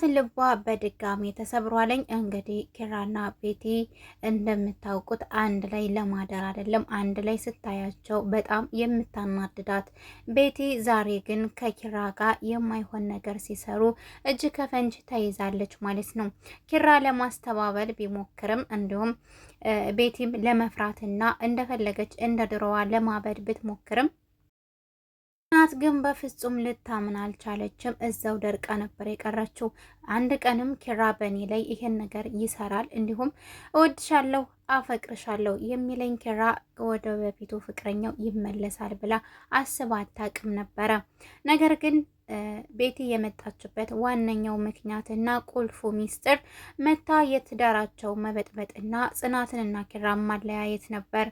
ጽናት ልቧ በድጋሚ ተሰብሯለኝ። እንግዲህ ኪራና ቤቲ እንደምታውቁት አንድ ላይ ለማደር አይደለም፣ አንድ ላይ ስታያቸው በጣም የምታናድዳት ቤቲ ዛሬ ግን ከኪራ ጋር የማይሆን ነገር ሲሰሩ እጅ ከፈንጅ ተይዛለች ማለት ነው። ኪራ ለማስተባበል ቢሞክርም እንዲሁም ቤቲም ለመፍራትና እንደፈለገች እንደ ድሮዋ ለማበድ ብትሞክርም ጽናት ግን በፍጹም ልታምን አልቻለችም። እዛው ደርቃ ነበር የቀረችው። አንድ ቀንም ኪራ በእኔ ላይ ይሄን ነገር ይሰራል፣ እንዲሁም እወድሻለሁ፣ አፈቅርሻለሁ የሚለኝ ኪራ ወደ በፊቱ ፍቅረኛው ይመለሳል ብላ አስባ አታውቅም ነበረ። ነገር ግን ቤቲ የመጣችበት ዋነኛው ምክንያትና ቁልፉ ሚስጥር መታ የትዳራቸው መበጥበጥና ጽናትንና ኪራ ማለያየት ነበር።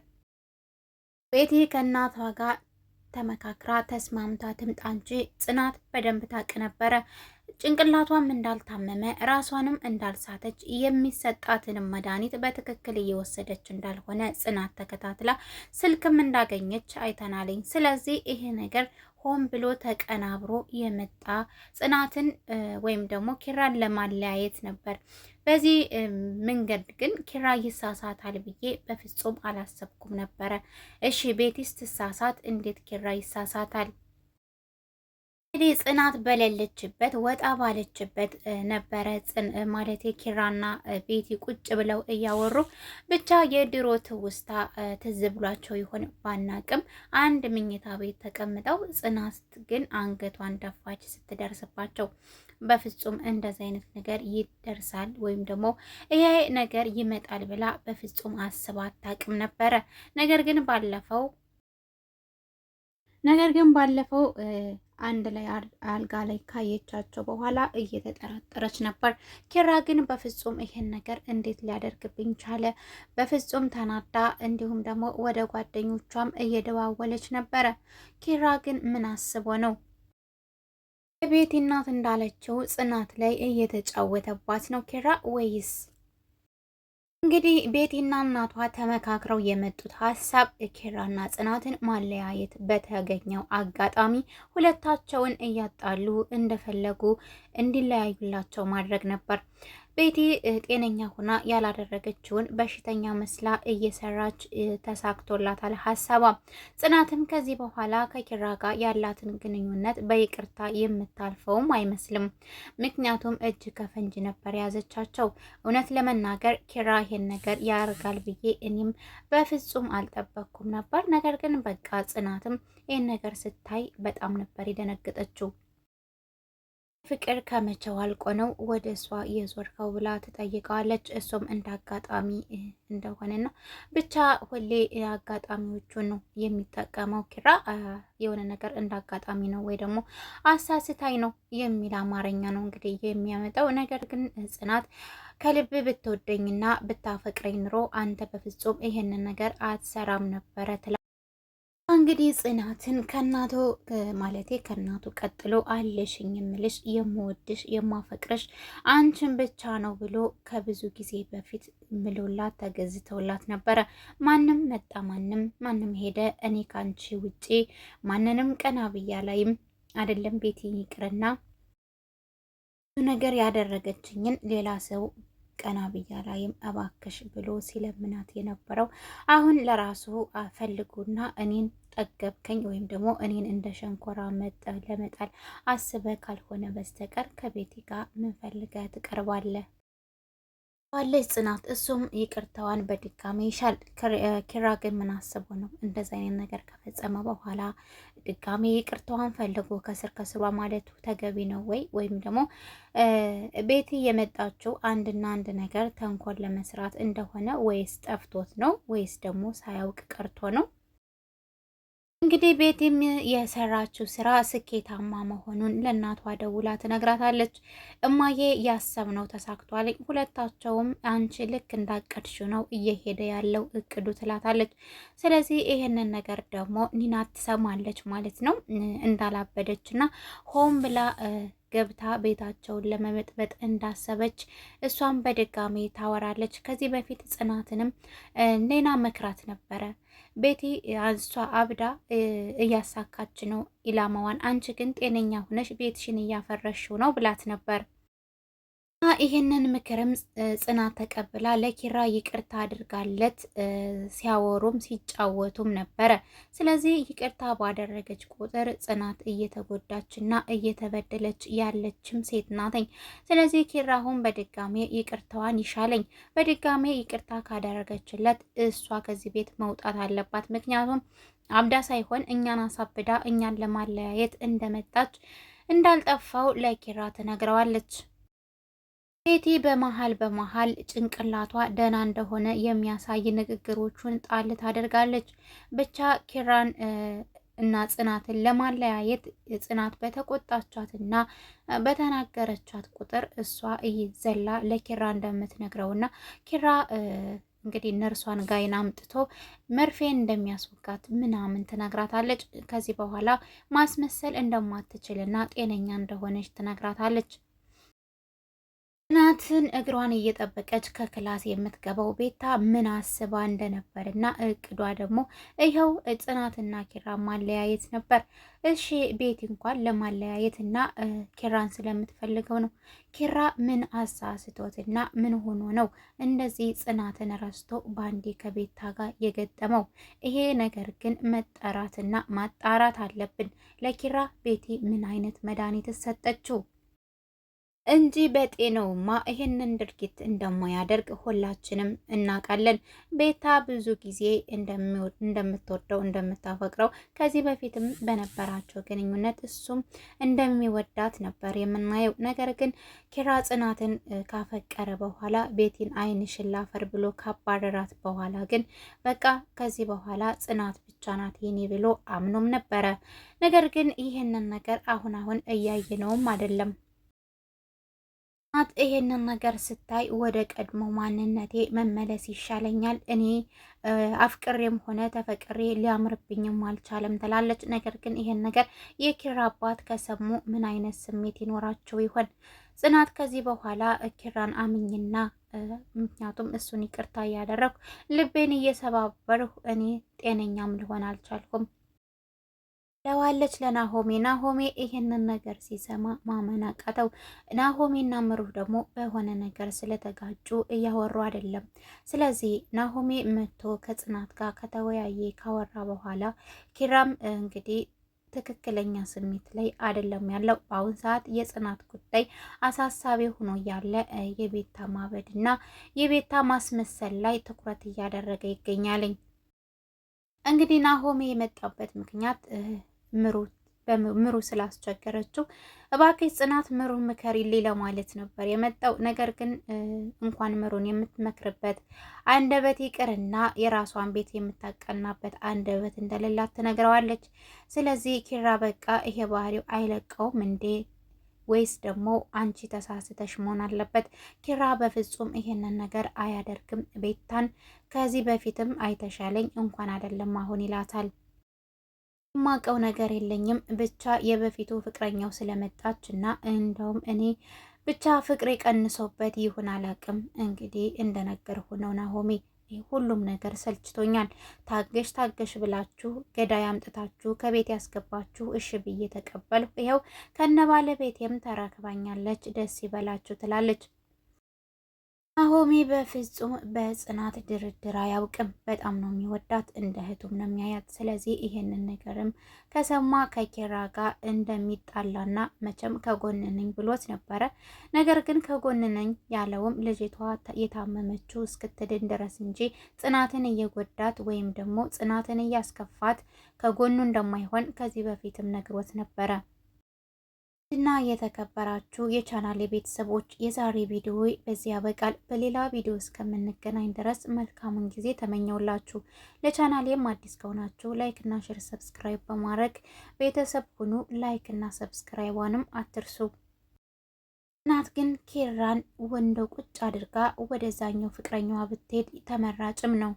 ቤቲ ከእናቷ ጋር ተመካክራ ተስማምታ ትምጣ እንጂ ጽናት በደንብ ታውቅ ነበረ። ጭንቅላቷም እንዳልታመመ ራሷንም እንዳልሳተች የሚሰጣትንም መድኃኒት በትክክል እየወሰደች እንዳልሆነ ጽናት ተከታትላ ስልክም እንዳገኘች አይተናለኝ። ስለዚህ ይሄ ነገር ሆን ብሎ ተቀናብሮ የመጣ ጽናትን ወይም ደግሞ ኪራን ለማለያየት ነበር። በዚህ መንገድ ግን ኪራ ይሳሳታል ብዬ በፍጹም አላሰብኩም ነበረ። እሺ ቤቲስ ትሳሳት፣ እንዴት ኪራ ይሳሳታል? እንግዲህ ጽናት በሌለችበት ወጣ ባለችበት ነበረ ጽን ማለት ኪራና ቤቲ ቁጭ ብለው እያወሩ ብቻ የድሮ ትውስታ ትዝ ብሏቸው ይሆን ባናቅም፣ አንድ ምኝታ ቤት ተቀምጠው ጽናት ግን አንገቷን ደፋች ስትደርስባቸው። በፍጹም እንደዚ አይነት ነገር ይደርሳል ወይም ደግሞ ይሄ ነገር ይመጣል ብላ በፍጹም አስባ አታቅም ነበረ። ነገር ግን ባለፈው ነገር ግን ባለፈው አንድ ላይ አልጋ ላይ ካየቻቸው በኋላ እየተጠራጠረች ነበር። ኪራ ግን በፍጹም ይሄን ነገር እንዴት ሊያደርግብኝ ቻለ? በፍጹም ተናዳ፣ እንዲሁም ደግሞ ወደ ጓደኞቿም እየደዋወለች ነበረ። ኪራ ግን ምን አስቦ ነው? የቤቲ እናት እንዳለችው ጽናት ላይ እየተጫወተባት ነው ኪራ ወይስ እንግዲህ ቤቲና እናቷ ተመካክረው የመጡት ሀሳብ ኪራና ጽናትን ማለያየት በተገኘው አጋጣሚ ሁለታቸውን እያጣሉ እንደፈለጉ እንዲለያዩላቸው ማድረግ ነበር። ቤቲ ጤነኛ ሆና ያላደረገችውን በሽተኛ መስላ እየሰራች ተሳክቶላታል ሀሳቧ። ጽናትም ከዚህ በኋላ ከኪራ ጋር ያላትን ግንኙነት በይቅርታ የምታልፈውም አይመስልም። ምክንያቱም እጅ ከፈንጅ ነበር ያዘቻቸው። እውነት ለመናገር ኪራ ይሄን ነገር ያርጋል ብዬ እኔም በፍጹም አልጠበቅኩም ነበር። ነገር ግን በቃ ጽናትም ይህን ነገር ስታይ በጣም ነበር የደነገጠችው። ፍቅር ከመቼው አልቆ ነው ወደ እሷ የዞርከው ብላ ትጠይቀዋለች። እሱም እንደ አጋጣሚ እንደሆነና ብቻ ሁሌ አጋጣሚዎቹን ነው የሚጠቀመው። ኪራ የሆነ ነገር እንደ አጋጣሚ ነው ወይ ደግሞ አሳስታይ ነው የሚል አማርኛ ነው እንግዲህ የሚያመጣው። ነገር ግን ጽናት ከልብ ብትወደኝና ብታፈቅረኝ ኑሮ አንተ በፍጹም ይህንን ነገር አትሰራም ነበረ ትላል። እንግዲህ ጽናትን ከእናቶ ማለቴ ከእናቱ ቀጥሎ አለሽኝ የምልሽ የምወድሽ የማፈቅረሽ አንቺን ብቻ ነው ብሎ ከብዙ ጊዜ በፊት ምሎላት ተገዝተውላት ነበረ። ማንም መጣ፣ ማንም ማንም ሄደ፣ እኔ ከአንቺ ውጪ ማንንም ቀና ብያ ላይም አይደለም ቤት ይቅርና ነገር ያደረገችኝን ሌላ ሰው ቀና ብያ ላይም እባክሽ ብሎ ሲለምናት የነበረው አሁን ለራሱ ፈልጉና እኔን ጠገብከኝ ወይም ደግሞ እኔን እንደ ሸንኮራ ለመጣል አስበህ ካልሆነ በስተቀር ከቤቴ ጋር ምንፈልገ ትቀርባለህ ባለች ጽናት እሱም ይቅርታዋን በድጋሚ ይሻል። ኪራ ግን ምን አስቦ ነው እንደዚ አይነት ነገር ከፈጸመ በኋላ ድጋሚ ይቅርታዋን ፈልጎ ከስር ከስሯ ማለቱ ተገቢ ነው ወይ? ወይም ደግሞ ቤት የመጣችው አንድና አንድ ነገር ተንኮል ለመስራት እንደሆነ ወይስ ጠፍቶት ነው ወይስ ደግሞ ሳያውቅ ቀርቶ ነው? እንግዲህ ቤቲም የሰራችው ስራ ስኬታማ መሆኑን ለእናቷ ደውላ ትነግራታለች። እማዬ ያሰብነው ተሳክቷል፣ ሁለታቸውም አንቺ ልክ እንዳቀድሽው ነው እየሄደ ያለው እቅዱ ትላታለች። ስለዚህ ይህንን ነገር ደግሞ ኒና ትሰማለች ማለት ነው እንዳላበደች እና ሆም ብላ ገብታ ቤታቸውን ለመመጥበጥ እንዳሰበች እሷም በድጋሚ ታወራለች። ከዚህ በፊት ጽናትንም ሌና መክራት ነበረ። ቤቲ እሷ አብዳ እያሳካች ነው ኢላማዋን፣ አንቺ ግን ጤነኛ ሁነሽ ቤትሽን እያፈረሽው ነው ብላት ነበር። ይሄንን ምክርም ጽናት ተቀብላ ለኪራ ይቅርታ አድርጋለት ሲያወሩም ሲጫወቱም ነበረ። ስለዚህ ይቅርታ ባደረገች ቁጥር ጽናት እየተጎዳችና እየተበደለች ያለችም ሴት ናተኝ። ስለዚህ ኪራሁን በድጋሜ ይቅርታዋን ይሻለኝ፣ በድጋሜ ይቅርታ ካደረገችለት እሷ ከዚህ ቤት መውጣት አለባት። ምክንያቱም አብዳ ሳይሆን እኛን አሳብዳ እኛን ለማለያየት እንደመጣች እንዳልጠፋው ለኪራ ትነግረዋለች። ቤቲ በመሀል በመሀል ጭንቅላቷ ደህና እንደሆነ የሚያሳይ ንግግሮቹን ጣል ታደርጋለች። ብቻ ኪራን እና ጽናትን ለማለያየት ጽናት በተቆጣቻትና በተናገረቻት ቁጥር እሷ እይዘላ ለኪራ እንደምትነግረውና ኪራ እንግዲህ ነርሷን ጋይን አምጥቶ መርፌን እንደሚያስወጋት ምናምን ትነግራታለች። ከዚህ በኋላ ማስመሰል እንደማትችልና ጤነኛ እንደሆነች ትነግራታለች። ጽናትን እግሯን እየጠበቀች ከክላስ የምትገባው ቤታ ምን አስባ እንደነበር እና እቅዷ ደግሞ ይኸው ጽናትና ኪራ ማለያየት ነበር። እሺ ቤት እንኳን ለማለያየት እና ኪራን ስለምትፈልገው ነው። ኪራ ምን አሳስቶት እና ምን ሆኖ ነው እንደዚህ ጽናትን ረስቶ ባንዴ ከቤታ ጋር የገጠመው? ይሄ ነገር ግን መጠራትና ማጣራት አለብን። ለኪራ ቤቴ ምን አይነት መድኃኒት ሰጠችው? እንጂ በጤናውማ ይህንን ድርጊት እንደማያደርግ ሁላችንም እናውቃለን። ቤታ ብዙ ጊዜ እንደምትወደው እንደምታፈቅረው ከዚህ በፊትም በነበራቸው ግንኙነት እሱም እንደሚወዳት ነበር የምናየው። ነገር ግን ኪራ ጽናትን ካፈቀረ በኋላ ቤቲን ዓይንሽን ላፈር ብሎ ካባረራት በኋላ ግን በቃ ከዚህ በኋላ ጽናት ብቻ ናት የኔ ብሎ አምኖም ነበረ። ነገር ግን ይህንን ነገር አሁን አሁን እያየነውም አይደለም። ናት ይሄንን ነገር ስታይ ወደ ቀድሞ ማንነቴ መመለስ ይሻለኛል፣ እኔ አፍቅሬም ሆነ ተፈቅሬ ሊያምርብኝም አልቻለም ትላለች። ነገር ግን ይሄን ነገር የኪራ አባት ከሰሙ ምን አይነት ስሜት ይኖራቸው ይሆን? ጽናት ከዚህ በኋላ ኪራን አምኝና ምክንያቱም እሱን ይቅርታ እያደረኩ ልቤን እየሰባበርሁ እኔ ጤነኛም ልሆን አልቻልኩም ለዋለች ለናሆሜ። ናሆሜ ይህንን ነገር ሲሰማ ማመን አቃተው። ናሆሜና ምሩህ ደግሞ በሆነ ነገር ስለተጋጩ እያወሩ አይደለም። ስለዚህ ናሆሜ መጥቶ ከጽናት ጋር ከተወያየ ካወራ በኋላ ኪራም እንግዲህ ትክክለኛ ስሜት ላይ አይደለም ያለው። በአሁን ሰዓት የጽናት ጉዳይ አሳሳቢ ሆኖ ያለ የቤታ ማበድ እና የቤታ ማስመሰል ላይ ትኩረት እያደረገ ይገኛልኝ። እንግዲህ ናሆሜ የመጣበት ምክንያት ምሩ ስላስቸገረችው እባክሽ ጽናት ምሩ ምከሪልኝ ለማለት ነበር የመጣው። ነገር ግን እንኳን ምሩን የምትመክርበት አንደበት ይቅርና የራሷን ቤት የምታቀናበት አንደበት እንደሌላት ትነግረዋለች። ስለዚህ ኪራ በቃ ይሄ ባህሪው አይለቀውም እንዴ? ወይስ ደግሞ አንቺ ተሳስተሽ መሆን አለበት? ኪራ በፍጹም ይሄንን ነገር አያደርግም። ቤታን ከዚህ በፊትም አይተሻለኝ እንኳን አይደለም አሁን ይላታል። ማቀው ነገር የለኝም ብቻ የበፊቱ ፍቅረኛው ስለመጣች እና እንደውም እኔ ብቻ ፍቅሬ ቀንሶበት ይሁን አላቅም። እንግዲህ እንደነገር ሆነው ናሆሜ ሁሉም ነገር ሰልችቶኛል። ታገሽ ታገሽ ብላችሁ ገዳይ አምጥታችሁ ከቤት ያስገባችሁ እሽ ብዬ ተቀበልሁ። ይኸው ከነ ባለቤቴም ተረክባኛለች። ደስ ይበላችሁ ትላለች። ናሆሜ በፍጹም በጽናት ድርድር አያውቅም። በጣም ነው የሚወዳት፣ እንደ እህቱም ነው የሚያያት። ስለዚህ ይህንን ነገርም ከሰማ ከኪራ ጋር እንደሚጣላና መቼም ከጎንነኝ ብሎት ነበረ። ነገር ግን ከጎንነኝ ያለውም ልጅቷ የታመመችው እስክትድን ድረስ እንጂ ጽናትን እየጎዳት ወይም ደግሞ ጽናትን እያስከፋት ከጎኑ እንደማይሆን ከዚህ በፊትም ነግሮት ነበረ። እና የተከበራችሁ የቻናል ቤተሰቦች የዛሬ ቪዲዮ በዚህ ያበቃል። በሌላ ቪዲዮ እስከምንገናኝ ድረስ መልካሙን ጊዜ ተመኘውላችሁ። ለቻናሌም አዲስ ከሆናችሁ ላይክ እና ሼር፣ ሰብስክራይብ በማድረግ ቤተሰብ ሁኑ። ላይክ እና ሰብስክራይቧንም አትርሱ። እናት ግን ኪራን ወንዶ ቁጭ አድርጋ ወደዛኛው ፍቅረኛዋ ብትሄድ ተመራጭም ነው።